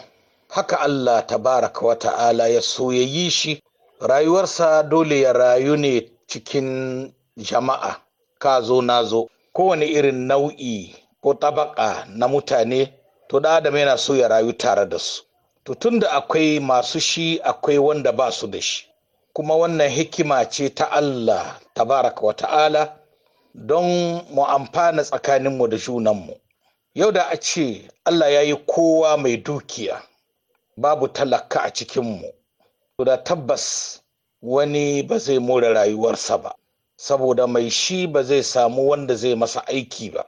haka Allah tabaraka wa ta'ala ya so ya shi rayuwarsa dole ya rayu ne cikin jama'a ka zo na zo kowane irin nau'i ko tabaka na mutane to da adam yana so ya rayu tare da su to tun da akwai masu shi akwai wanda ba su da shi kuma wannan hikima ce ta Allah tabaraka wa ta'ala don mu amfana tsakaninmu da junanmu yau da a ce Allah ya yi kowa mai dukiya babu talaka a cikinmu to da tabbas wani ba zai more rayuwarsa ba saboda mai shi ba zai samu wanda zai masa aiki ba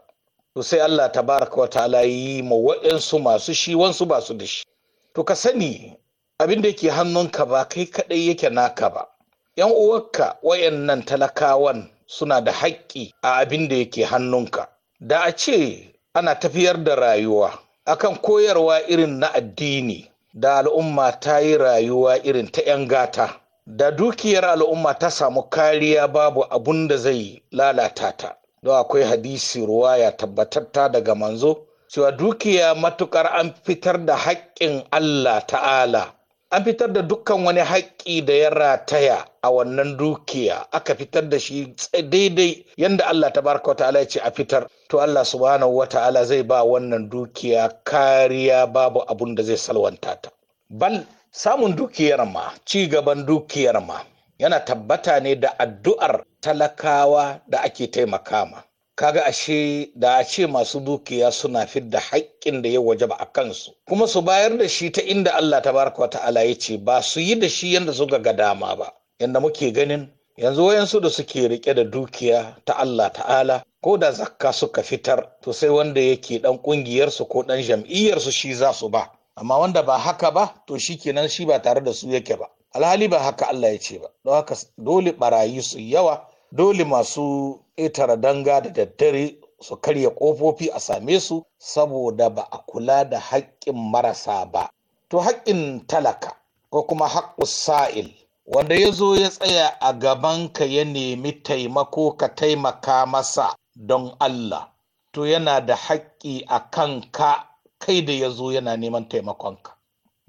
to sai Allah ta wa ta'ala yi ma waɗansu masu shi wansu ba su da shi to ka sani abin da yake hannunka ba kai kaɗai yake naka ba yan uwarka wayannan talakawan suna da haƙƙi a abin da yake hannunka da a ce ana tafiyar da rayuwa akan koyarwa irin na addini da al'umma ta yi rayuwa irin ta 'yan gata da dukiyar al'umma ta samu kariya babu abun da zai lalata ta don akwai hadisi ruwaya tabbatatta daga manzo cewa dukiya matukar an fitar da haƙƙin Allah ta'ala an fitar da dukkan wani haƙƙi da ya rataya a wannan dukiya aka fitar da shi daidai yadda Allah ta baraka wa ta'ala ya ce a fitar to Allah subhanahu wa ta'ala zai ba wannan dukiya kariya babu abun da zai salwanta ta bal samun dukiyar ma ci gaban dukiyar ma yana tabbata ne da addu'ar talakawa da ake taimaka ma kaga ashe da a ce masu dukiya suna fidda haƙƙin da ya ba a kansu kuma su bayar da shi ta inda Allah Ta wa ta'ala ya ce ba su yi da shi yanda suka ga dama ba yanda muke ganin yanzu wayansu da suke rike da dukiya ta Allah ta'ala ko da zakka suka fitar to sai wanda yake dan ƙungiyarsu ko dan jam'iyyarsu shi za su ba amma wanda ba haka ba to shi kenan shi ba tare da su yake ba alhali ba haka Allah ya ce ba don haka dole barayi su yawa dole masu ƙetare danga da daddare su karya ƙofofi a same su saboda ba a kula da haƙƙin marasa ba. To haƙƙin talaka ko kuma haƙƙus sa'il wanda ya zo ya tsaya a gaban ka ya nemi taimako ka taimaka masa don Allah. To yana da haƙƙi a kan ka kai da ya zo yana neman taimakonka.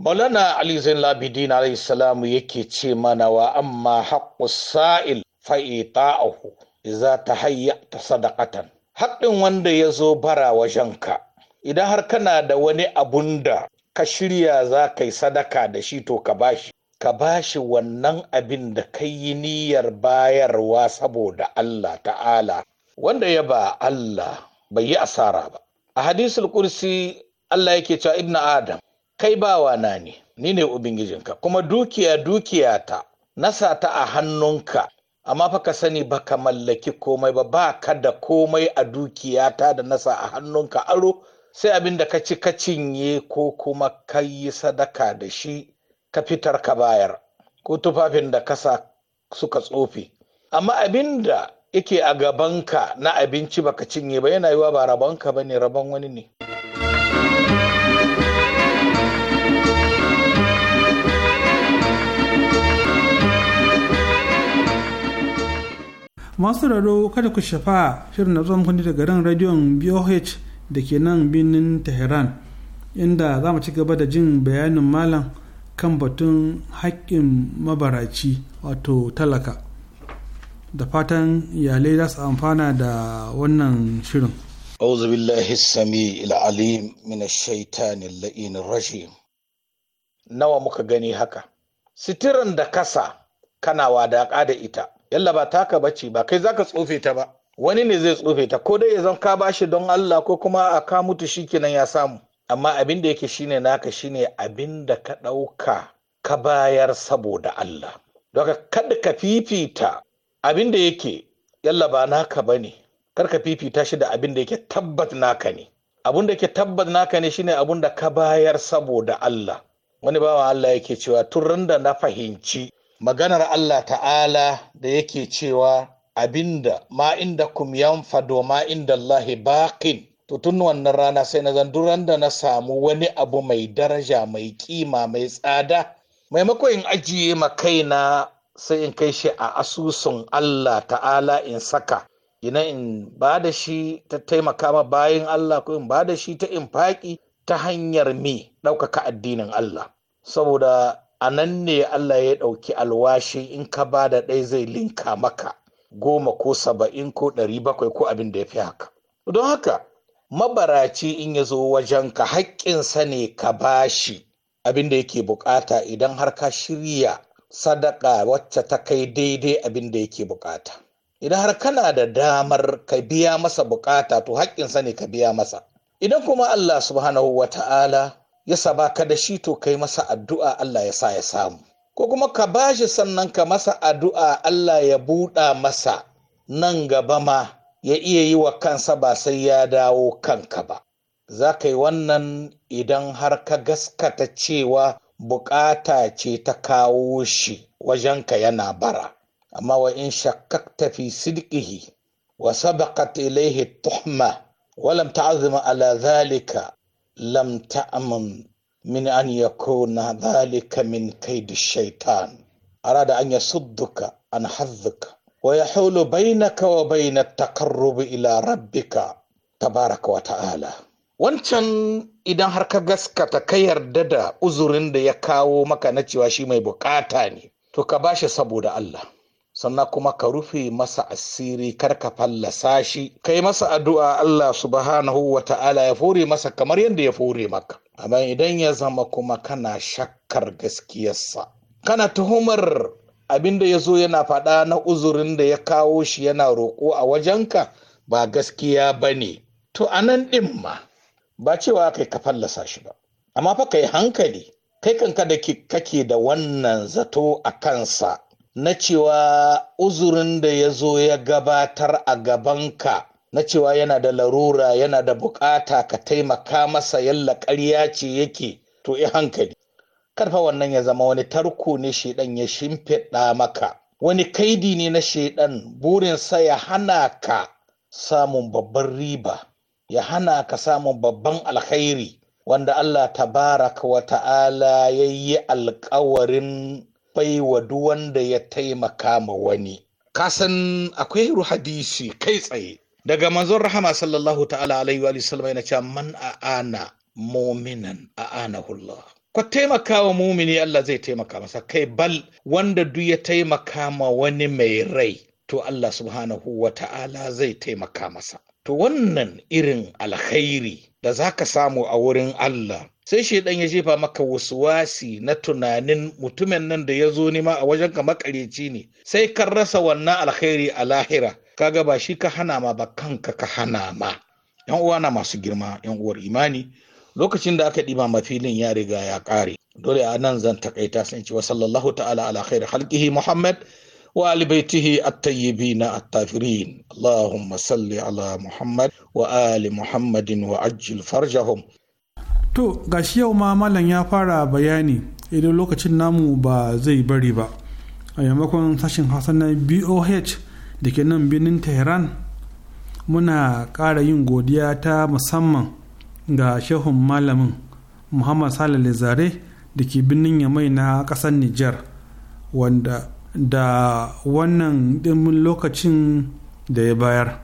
Maulana Ali Zain Labidin alayhi salamu yake ce mana wa amma haƙƙus sa'il fa'ita'ahu Za ta hayya ta sadakatan haƙƙin wanda ya zo bara ka. idan har kana da wani abun da ka shirya za ka yi sadaka da shi to ka bashi ka bashi wannan abin da ka yi niyyar bayarwa saboda Allah ta'ala wanda ya ba Allah bai yi asara ba a hadisul kursi Allah yake cewa ibna adam kai bawa na ne ni ne ubangijinka kuma dukiya dukiyata nasa ta a hannunka amma fa ka sani ba ka mallaki komai ba ba ka da komai a dukiyata da nasa a hannunka aro sai abin da ka ci ka cinye ko kuma ka yi sadaka da shi ka fitar ka bayar ko tufafin da kasa suka tsofe amma abin da yake a gabanka na abinci baka cinye ba yana yiwa ba rabonka ba ne rabon wani ne. masu raro kada ku shafa shirin na zuwa kundi daga ran radiyon boh da ke nan birnin tehran inda za mu ci gaba da jin bayanin malam kan batun haƙƙin mabaraci wato talaka da fatan iyalai za su amfana da wannan shirin أعوذ بالله السميع العليم من الشيطان اللئين الرجيم nawa muka gani haka sitiran da kasa kana wadaƙa da ita yalla ba taka bacci ba kai zaka tsofe ta ba wani ne zai tsofe ta ko dai ya zan ka bashi don Allah ko kuma a ka mutu shikenan ya samu amma abin da yake shine naka shine abin da ka ɗauka ka bayar saboda Allah daga kada ka fifita abin da yake yalla ba naka bane kar ka fifita shi da abin da yake tabbat naka ne abin da yake tabbat naka ne shine abin da ka bayar saboda Allah wani bawa Allah yake cewa tun da na fahimci maganar Allah ta'ala da yake cewa abinda ma inda kum yanfado ma inda Allah baqin to tun wannan rana sai na zan duran da na samu wani abu mai daraja mai kima mai tsada maimakon in ajiye ma kaina sai in kai shi a asusun Allah ta'ala in saka ina in ba da shi ta taimaka ma bayan Allah ko in ba da shi ta in infaki ta hanyar me ɗaukaka addinin Allah saboda a nan ne Allah ya ɗauki alwashi in ka ba da ɗaya zai linka maka goma ko saba'in ko ɗari bakwai ko abin da ya fi haka. Don haka mabaraci in ya zo wajenka haƙƙinsa ne ka bashi abin da yake buƙata idan har ka shirya sadaka wacce ta kai daidai abin da yake buƙata. Idan har kana da damar ka biya masa bukata to haƙƙinsa ne ka biya masa. Idan kuma Allah subhanahu wa ta'ala ya saba ka da shi to kai masa addu'a Allah ya sa ya samu ko kuma ka ba shi sannan ka masa addu'a Allah ya buɗa masa nan gaba ma ya iya yi wa kansa ba sai ya dawo kanka ba za ka yi wannan idan har ka gaskata cewa bukata ce ta kawo shi wajen ka yana bara amma wa in shakkakta fi sidqihi wa sabaqat ilayhi tuhma wa ta'zima ala zalika lam ta'amam min an yakuna dhalika min kaidi shaitan arada an sudduka, an hazzika wa yahulu bainaka wa baina taqarrubi ila rabbika tabaraka wa ta'ala wancan idan har ka gaskata ka yarda da uzurin da ya kawo maka na cewa shi mai bukata ne to ka bashi saboda Allah sannan kuma ka rufe masa asiri kar ka fallasa shi kai masa addu'a Allah subhanahu wa ta'ala ya fure masa kamar yadda ya fure maka amma idan ya zama kuma kana shakkar gaskiyarsa kana tuhumar abin da ya zo yana faɗa na uzurin da ya kawo shi yana roƙo a wajenka ba gaskiya ba ne to a nan ɗin ma ba cewa kai ka fallasa shi ba amma fa kai hankali kai kanka da kake da wannan zato a kansa na cewa uzurin da ya zo ya gabatar a gabanka na cewa yana da larura yana da bukata ka taimaka masa yalla ƙarya ce yake to i hankali karfa wannan ya zama wani tarko ne shaidan ya shimfiɗa maka wani kaidi ne na shaidan burinsa ya hana ka samun babban riba ya hana ka samun babban alkhairi wanda Allah tabaraka wa ta'ala ya yi alkawarin wa duk wanda ya taimaka ma wani kasan akwai hadisi kai tsaye daga manzon rahama sallallahu ta'ala alaihi wa sallam yana cewa man a'ana muminan a'ana hullah. ka taimaka wa mumini Allah zai taimaka masa kai bal wanda duk ya taimaka ma wani mai rai to Allah subhanahu wa ta'ala zai taimaka masa to wannan irin alkhairi da za ka samu a wurin Allah sai shaidan ya jefa maka wasi na tunanin mutumin nan da ya zo nima a wajen ka makareci ne sai ka rasa wannan alkhairi a lahira kaga ba shi ka hana ma ba kanka ka hana ma yan uwa na masu girma yan uwar imani lokacin da aka ɗiba ma filin ya riga ya ƙare dole a nan zan takaita sun cewa sallallahu ta'ala ala khairi halkihi muhammad at-tafirin allahumma salli ala Muhammad wa Ali Muhammadin wa ajil farjahum to gashi yau ma malam ya fara bayani idan lokacin namu ba zai bari ba a yammakon sashen hausa na boh da ke nan birnin tehran muna ƙara yin godiya ta musamman ga shehun malamin muhammad salale zare da ke birnin yamai na ƙasar niger wanda da wannan ɗimin lokacin da ya bayar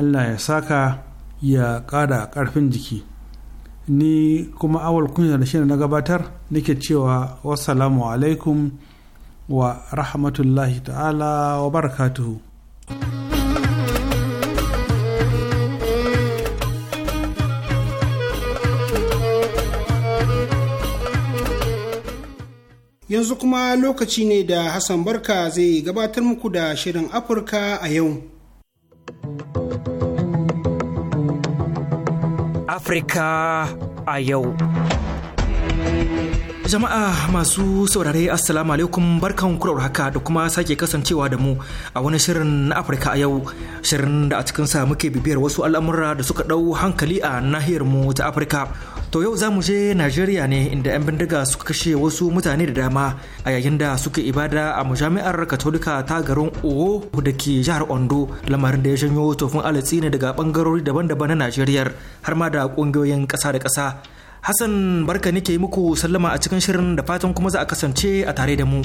allah ya saka ya ƙara ƙarfin jiki ni kuma awal kunya da shi na gabatar nake cewa wasalamu alaikum wa rahmatullahi ta'ala wa barakatuhu yanzu kuma lokaci ne da hassan barka zai gabatar muku da shirin afirka a yau Afrika a yau. Jama'a masu saurare Assalamu alaikum barkan kurar haka da kuma sake kasancewa da mu a wani shirin na Afirka a yau shirin da a cikinsa muke bibiyar wasu al'amura da suka ɗau hankali a nahiyar mu ta Afirka. To yau za mu je Najeriya ne inda 'yan bindiga suka kashe wasu mutane da dama a yayin da suka ibada a majami'ar Katolika ta garin Owo da ke jihar Ondo lamarin da ya janyo tofin alatsi ne daga bangarori daban-daban na Najeriya har ma da ƙungiyoyin ƙasa da ƙasa. Hassan barka nake yi muku sallama a cikin shirin da fatan kuma za a kasance a tare da mu.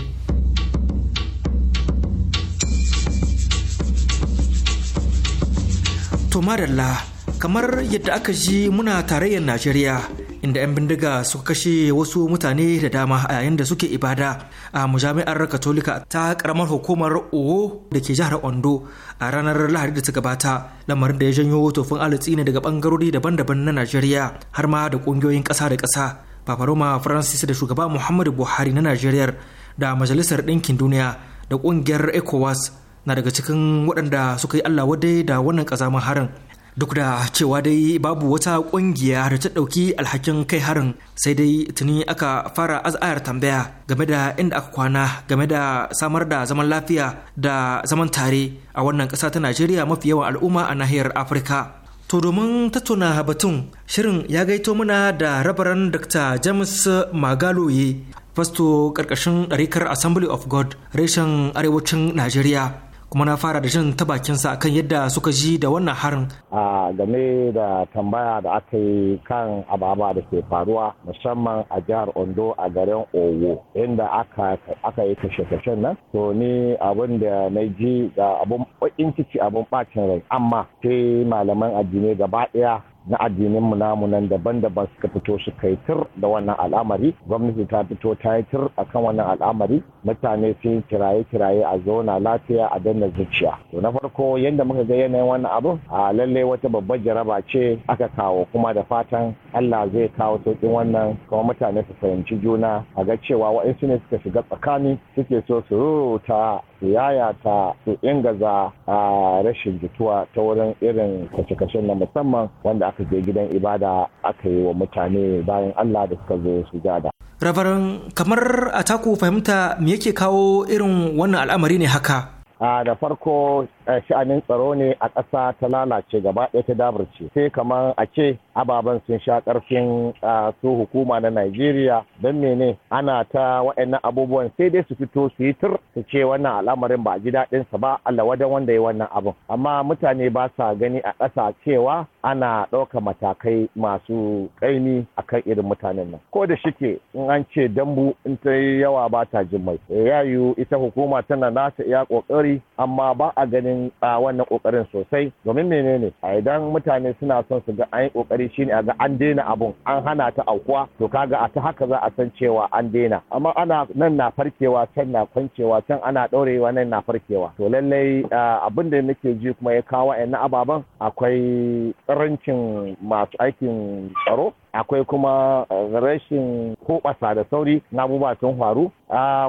To madalla kamar yadda aka ji muna tarayyar Najeriya inda 'yan bindiga suka kashe wasu mutane da dama a yayin da suke ibada a mujami'ar katolika ta karamar hukumar owo da ke jihar ondo a ranar lahadi da ta gabata lamarin da ya janyo tofin alitsi ne daga bangarori daban-daban na najeriya har ma da kungiyoyin kasa da kasa paparoma francis da shugaba muhammadu buhari na najeriya da majalisar ɗinkin duniya da ƙungiyar ecowas na daga cikin waɗanda suka yi allah wadai da wannan ƙazamin harin duk da cewa dai babu wata kungiya da ta ɗauki alhakin kai harin sai dai tuni aka fara az'ayar tambaya game da inda aka kwana game da samar da zaman lafiya da zaman tare a wannan ƙasa ta najeriya mafi yawan al'umma a nahiyar afirka to domin tattauna batun shirin ya gaito muna da rabaran dr james magaloye fasto ƙarƙashin ɗarikar assembly of god reshen arewacin najeriya kuma na fara da jin ta bakinsa kan yadda suka ji da wannan harin. A game da tambaya da aka yi kan ababa da ke faruwa musamman a jihar Ondo a garin Owo inda aka yi kashe-kashen nan. To ni abin da na ji da abin bakin ciki abin bakin rai amma sai malaman addinai gaba ɗaya na addinin mu namu nan daban-daban suka fito suka yi tur da wannan al'amari gwamnati ta fito ta yi tur akan wannan al'amari mutane sun kiraye-kiraye a zauna lafiya a danna zuciya to na farko yadda muka ga yanayin wannan abu a lalle wata babbar jaraba ce aka kawo kuma da fatan Allah zai kawo sauƙin wannan kuma mutane su fahimci juna a ga cewa wa'insu ne suka shiga tsakani suke so su rurruta su yayata su ingaza a rashin jituwa ta wurin irin kashe-kashen na musamman wanda aka je gidan ibada aka yi wa mutane bayan Allah da suka zo su jada. rabaran kamar a taku fahimta me yake kawo irin wannan al'amari ne haka a ah, da farko Eh, sha'anin tsaro ne a ƙasa ta lalace gaba ɗaya ta dabarce sai kamar a ce ababen sun sha ƙarfin ah, su hukuma na Najeriya don mene ana ta waɗannan abubuwan sai dai su fito su yi tur su ce wannan al'amarin ba a ji daɗin sa ba Allah wajen wanda ya wannan abun amma mutane ba sa gani a ƙasa cewa ana ɗauka matakai masu ƙaimi akan irin mutanen nan ko da shike in an ce dambu in ta yi yawa ba ta jin mai ya ita hukuma tana nata iya ƙoƙari amma ba a ganin amfanin wannan kokarin sosai domin menene a idan mutane suna son su ga an yi kokari shine a ga an daina abun an hana ta aukuwa to kaga a ta haka za a san cewa an daina amma ana nan na farkewa can na kwancewa can ana ɗaurewa nan na farkewa to lallai abin da nake ji kuma ya kawo na ababen akwai tsirancin masu aikin tsaro akwai kuma rashin kobasa da sauri na abubuwa sun faru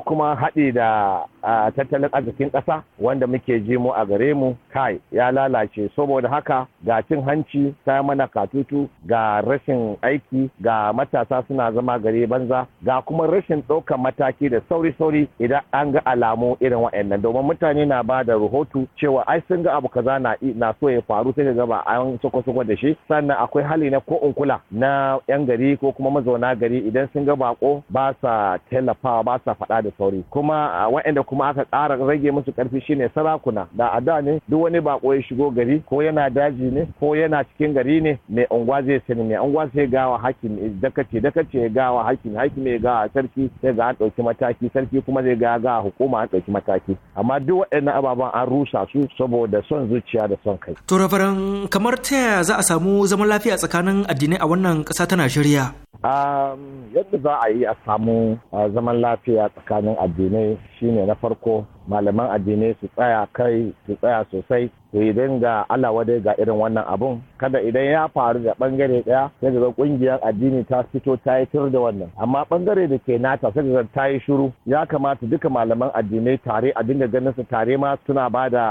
kuma haɗi da tattalin arzikin ƙasa wanda muke ji mu a gare mu kai ya lalace saboda haka ga cin hanci ta mana katutu ga rashin aiki ga matasa suna zama gare banza ga kuma rashin ɗaukan mataki da sauri-sauri idan an ga alamu irin waɗannan domin mutane na ba da rahoto cewa ai sun ga abu kaza na na so ya faru sai ga ba an soko da shi sannan akwai hali na ko unkula na 'yan gari ko kuma mazauna gari idan sun ga bako ba sa tallafawa ba sa sa faɗa da sauri kuma waɗanda kuma aka ƙara rage musu ƙarfi shine sarakuna da a da ne duk wani bako ya shigo gari ko yana daji ne ko yana cikin gari ne mai unguwa zai sani mai unguwa sai gawa hakim eh, dakace dakace ya gawa hakim hakim ya gawa sarki sai ga an ɗauki mataki sarki kuma zai ga ga hukuma an ɗauki mataki amma duk waɗannan ababen an rusa su saboda son zuciya da son kai. to rabaran kamar ta yaya za a samu zaman lafiya tsakanin addinai a wannan ƙasa ta najeriya. Um, yadda za a yi a samu uh, zaman lafiya tsakanin addinai shine na farko malaman addinai su tsaya kai su tsaya sosai su yi dinga Allah wadai ga irin wannan abun kada idan ya faru da bangare daya sai ga kungiyar addini ta fito ta yi tur da wannan amma bangare da ke nata sai ga ta yi shuru ya kamata duka malaman addinai tare a dinga ganin su tare ma suna ba da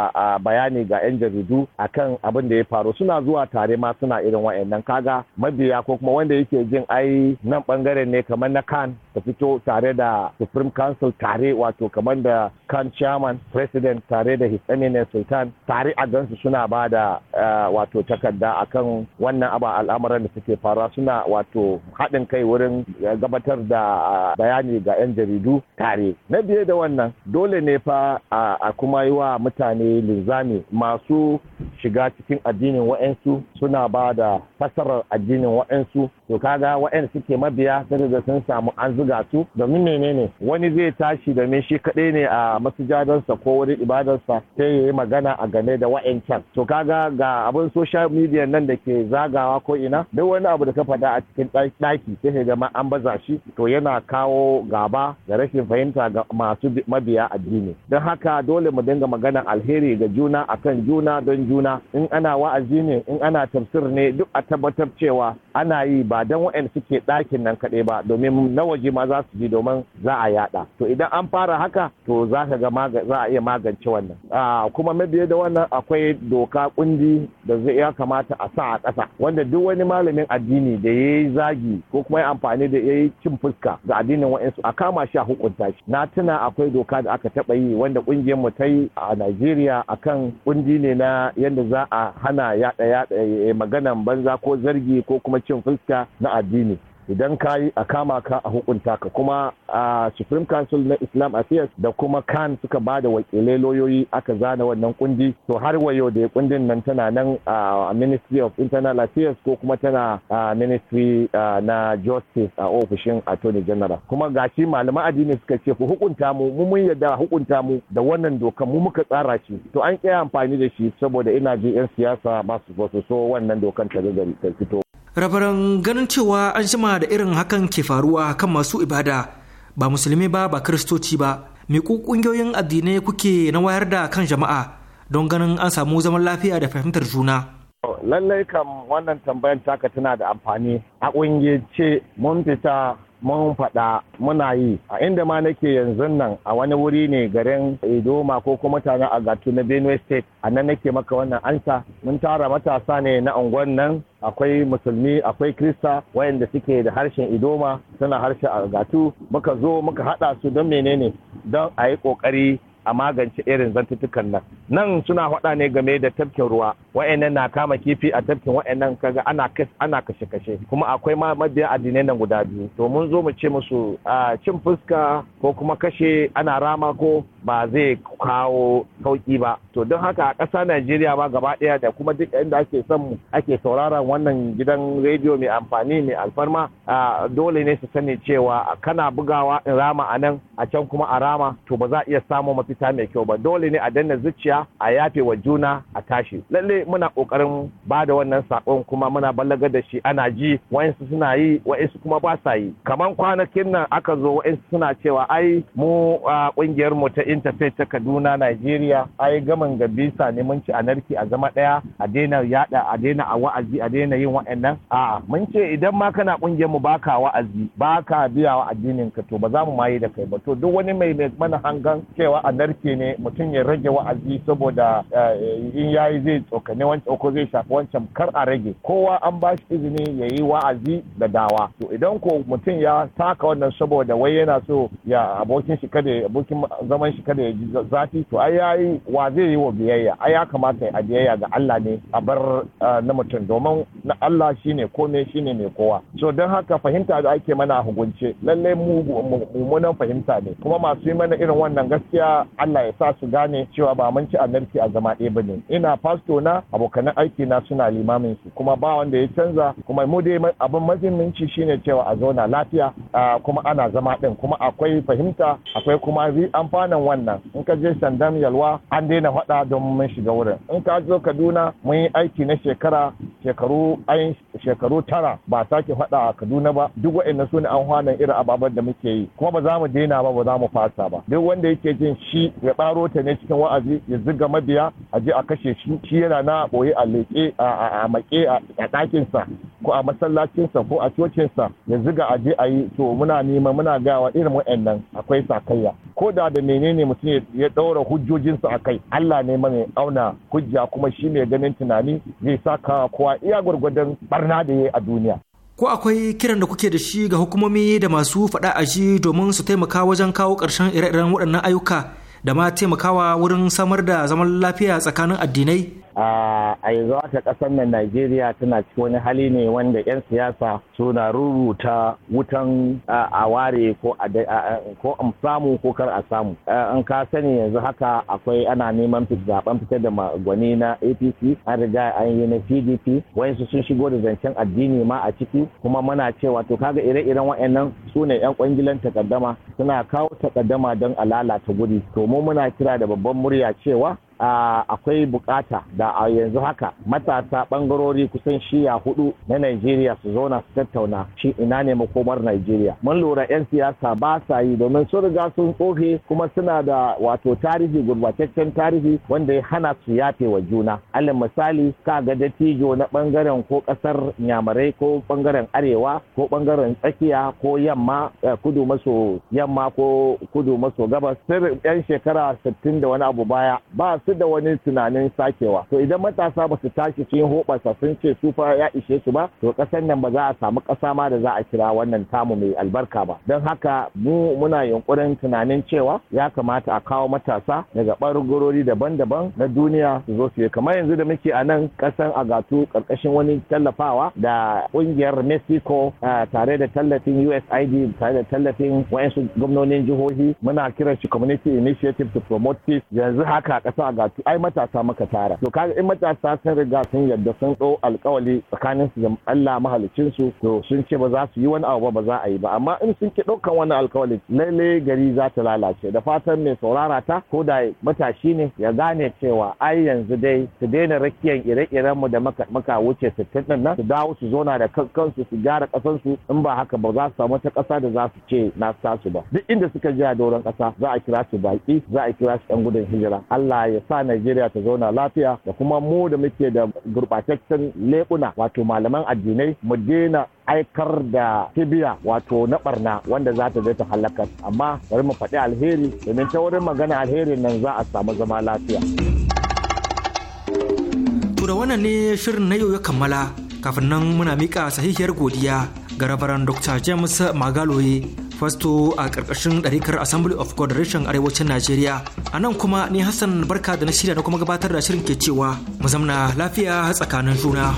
bayani ga yan jaridu akan abin da ya faru suna zuwa tare ma suna irin wa'annan kaga mabiya ko kuma wanda yake jin ai nan bangaren ne kamar na kan ta fito tare da Supreme Council tare wato kamar da kan chairman president tare da his eminence sultan tare a gansu suna ba da eh, wato takarda akan wannan aba al'amuran da suke faruwa suna wato haɗin kai wurin gabatar da eh, bayani ga 'yan jaridu tare na biye da wannan dole ne fa a kuma yi wa mutane linzami masu shiga cikin addinin wa'ansu suna ba da fassarar addinin wa'ansu to kaga waɗanda suke mabiya sai da sun samu an zuga su domin menene wani zai tashi da shi kaɗai ne a masujadansa ko wani ibadarsa sai ya yi magana a game da wa'ancan to kaga ga abin social media nan da ke zagawa ko ina duk wani abu da ka faɗa a cikin ɗaki sai ka gama an baza shi to yana kawo gaba da rashin fahimta ga masu mabiya addini don haka dole mu dinga magana alheri ga juna akan juna don juna in ana wa'azi ne in ana tafsir ne duk a tabbatar cewa ana yi ba ba don suke ɗakin nan kaɗai ba domin na waje ma za su ji domin za a yaɗa to idan an fara haka to za ka ga za a iya magance wannan ah, kuma mabiya da wannan akwai doka kundi da zai ya kamata a sa a ƙasa wanda duk wani malamin addini da ya yi zagi ko kuma ya amfani da ya yi cin fuska ga addinin wa'insu a kama shi a hukunta shi na tuna akwai doka da aka taɓa yi wanda ƙungiyar mu ta yi a Najeriya akan kundi ne na yadda za a hana yaɗa yaɗa eh, maganan banza ko zargi ko kuma cin fuska na addini idan ka yi a kama ka a hukunta ka kuma a supreme council na islam affairs da kuma kan suka ba da wakilai loyoyi aka zana wannan kundi to har wayo da kundin nan tana nan a ministry of internal affairs ko kuma tana a ministry na justice a ofishin attorney general kuma gashi malaman addini suka ce ku hukunta mu mu mun yadda hukunta mu da wannan dokan mu muka tsara shi to an kiya amfani da shi saboda ina jin yan siyasa ba su so wannan dokan ta ta fito rabaran ganin cewa an shima da irin hakan ke faruwa kan masu ibada ba musulmi ba ba kiristoci ba me ku kungiyoyin addinai kuke na wayar da kan jama'a don ganin an samu zaman lafiya da fahimtar juna lallai kam wannan tambayan taka tana da amfani a ce mun fita mun faɗa muna yi a inda ma nake yanzu nan a wani wuri ne garin idoma ko kuma mutanen agatu na benue state a nan nake maka wannan ansa mun tara matasa ne na unguwan nan akwai musulmi akwai krista wayanda suke da harshen idoma suna harshen agatu muka zo muka haɗa su don menene don a yi ƙoƙari a magance irin zantuttukan nan nan suna faɗa ne game da tafkin ruwa wa'annan na kama kifi a tafkin wa'annan kaga ana ana kashe kashe kuma akwai ma mabiya addinai nan guda biyu to mun zo mu ce musu cin fuska ko kuma kashe ana rama ko ba zai kawo sauki ba to don haka a ƙasa Najeriya ba gaba ɗaya da kuma duk inda ake son ake sauraron wannan gidan rediyo mai amfani mai alfarma dole ne su sani cewa kana bugawa in rama a nan a can kuma a rama to ba za a iya samun mafita mai kyau ba dole ne a danna zuciya a yafe wa juna a tashi lalle muna kokarin ba da wannan sakon kuma muna balaga da shi ana ji wa'insu suna yi wa'insu kuma ba sa yi kamar kwanakin nan aka zo wa'insu suna cewa ai mu a kungiyar mu ta interfaith ta Kaduna Nigeria ai gaman bisa ne mun ci anarki a zama daya a daina yada a daina a wa'azi a daina yin wa'annan a mun ce idan ma kana kungiyar mu baka wa'azi baka biya wa addinin ka to ba za mu maye da kai ba to duk wani mai mana hangan cewa anarki ne mutum ya rage wa'azi saboda eh, in yayi zai tsoka haka ne wancan ko zai shafi wancan kar a rage kowa an ba shi izini ya yi wa'azi da dawa to idan ko mutum ya taka wannan saboda wai yana so ya abokin shi kada abokin zaman shi kada ya ji zafi to ai yayi wa zai yi wa biyayya ai ya kamata a biyayya ga Allah ne a bar na mutum domin na Allah shine kome shine mai kowa so don haka fahimta da ake mana hukunce lallai mu mummunan fahimta ne kuma masu yi mana irin wannan gaskiya Allah ya sa su gane cewa ba mun ci annabci a zama ɗaya bane ina fasto na abokanan aiki na suna limamin su kuma ba wanda ya canza kuma mu dai abin mahimmanci shine cewa a zauna lafiya kuma ana zama din kuma akwai fahimta akwai kuma amfanin wannan in ka je sandan yalwa an daina faɗa don mun shiga wurin in ka zo kaduna mun yi aiki na shekara shekaru ayin shekaru tara ba sake faɗa a kaduna ba duk wa'annan su ne an hwanan irin ababen da muke yi kuma ba za mu daina ba ba za mu fasa ba duk wanda yake jin shi ya ɓaro ta ne cikin wa'azi ya ziga mabiya a je a kashe shi shi yana na a ɓoye a leƙe a maƙe a ɗakinsa ko a masallacinsa ko a cocinsa ya ziga a je a yi to muna nema muna gawa irin wa'annan akwai sakayya ko da da menene mutum ya ɗaura hujjojinsa a kai Allah ne mai auna hujja kuma shi mai ganin tunani zai saka kowa iya gwargwadon barna da ya a duniya. Ko akwai kiran da kuke da shi ga hukumomi da masu faɗa a shi domin su taimaka wajen kawo ƙarshen ire-iren waɗannan ayyuka da ma taimakawa wurin samar da zaman lafiya tsakanin addinai? a yanzu kasar nan Najeriya tana cikin wani hali ne wanda 'yan siyasa suna rubuta wutan a ware ko a samu ko kar a samu. An ka sani yanzu haka akwai ana neman zaben fitar da magwani na APC an riga an yi na PDP wayansu sun shigo da zancen addini ma a ciki kuma muna cewa to kaga ire-iren wa'annan su ne 'yan kwangilan takaddama suna kawo takaddama don a lalata guri. To mu muna kira da babban murya cewa akwai bukata da a yanzu haka matasa bangarori kusan shiya hudu na Najeriya su zauna su tattauna shi ina ne makomar Najeriya. Mun lura 'yan siyasa ba sa yi domin sun riga sun tsohe kuma suna da wato tarihi gurbataccen tarihi wanda ya hana su yafe wa juna. Alin misali ka ga dattijo na bangaren ko kasar nyamarai ko bangaren arewa ko bangaren tsakiya ko yamma eh, kudu maso yamma ko kudu maso gabas. Sirrin 'yan shekara 60 da wani abu baya ba su su da wani tunanin sakewa to idan matasa ba su tashi sun hoɓasa sun ce su fa ya ishe su ba to ƙasar nan ba za a samu ƙasa ma da za a kira wannan tamu mai albarka ba don haka mu muna yunkurin tunanin cewa ya kamata a kawo matasa daga ɓangarori daban-daban na duniya su zo su yi kamar yanzu da muke a nan ƙasan agatu ƙarƙashin wani tallafawa da ƙungiyar mexico tare da tallafin usaid tare da tallafin wayansu gwamnonin jihohi muna kiran shi community initiative to promote peace yanzu haka ƙasar bukatu ai matasa maka tara to kaga in matasa sun riga sun yadda sun ɗau alƙawali tsakanin su da Allah mahalicin su to sun ce ba za su yi wani abu ba za a yi ba amma in sun ki ɗaukan wani alƙawali, lalle gari za ta lalace da fatan mai saurara ta ko da matashi ne ya gane cewa ai yanzu dai su daina rakiyan ire-iren mu da maka wuce sittin nan su dawo su zona da kansu su gyara su, in ba haka ba za su samu wata ƙasa da za su ce na sasu ba duk inda suka je a doron ƙasa za a kira su baƙi za a kira su 'yan gudun hijira Allah ya sa Najeriya ta zauna lafiya da kuma mu da muke da gurɓataccen lekuna wato malaman addinai mu daina aikar da kibiya wato na barna wanda za ta zai ta halakar amma bari mu faɗi alheri domin ta wurin magana alheri nan za a samu zama lafiya. da wannan ne shirin na yau ya kammala kafin nan muna miƙa sahihiyar godiya ga rabaran dr james magaloye fasto a ƙarƙashin ɗarikar Assembly of God reshen Arewacin Najeriya. A nan kuma ni Hassan Barka da na shirya na kuma gabatar da shirin ke cewa mu zamna lafiya tsakanin juna.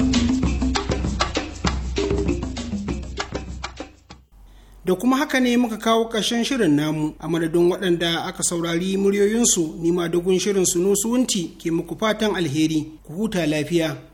da kuma haka ne muka kawo ƙarshen shirin namu a madadin waɗanda aka saurari muryoyinsu nima dagun shirin su suwunti ke muku fatan alheri ku huta lafiya